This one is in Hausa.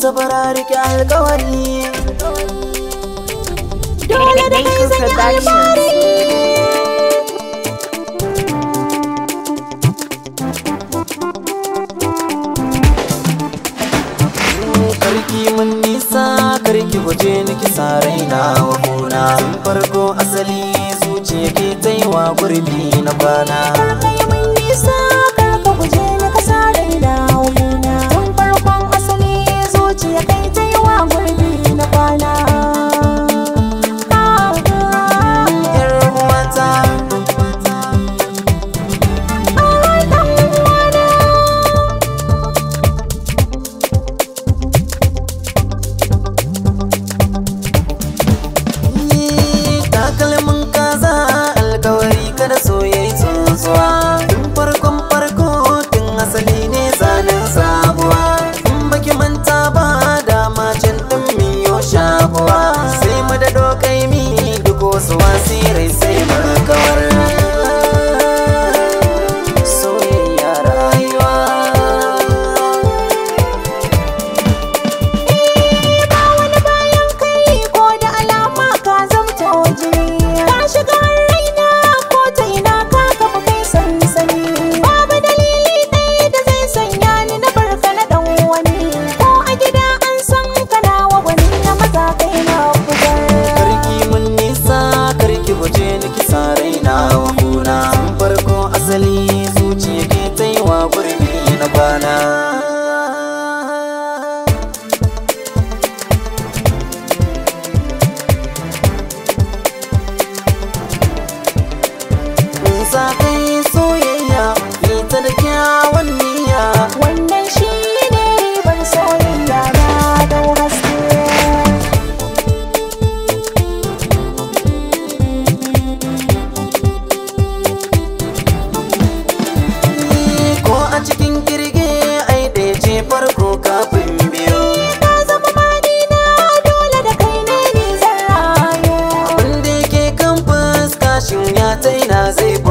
tabara rike alkawari dole da kai zan yi alfahari karki mun nisa karki waje na kisa raina wa kuna farko asali zuciya ke taiwa gurbi na kwana rana shin ya taina zai bu